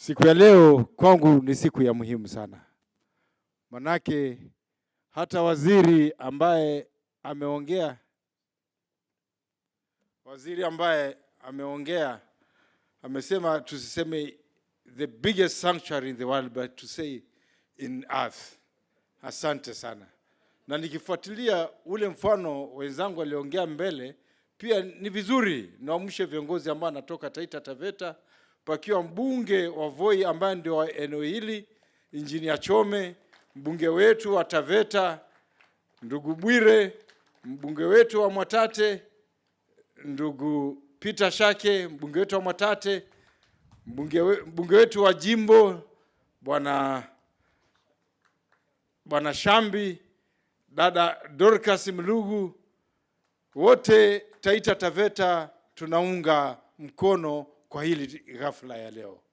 Siku ya leo kwangu ni siku ya muhimu sana, manake hata waziri ambaye ameongea, waziri ambaye ameongea amesema tusiseme the biggest sanctuary in the world but to say in earth. Asante sana, na nikifuatilia ule mfano wenzangu aliongea mbele, pia ni vizuri naamshe viongozi ambao anatoka Taita Taveta pakiwa mbunge wa Voi ambaye ndio wa eneo hili, Injinia Chome, mbunge wetu wa Taveta ndugu Bwire, mbunge wetu wa Mwatate ndugu Peter Shake, mbunge wetu wa Mwatate, mbunge, we, mbunge wetu wa jimbo bwana bwana Shambi, dada Dorcas Mlugu, wote Taita Taveta tunaunga mkono kwa hili ghafla ya leo.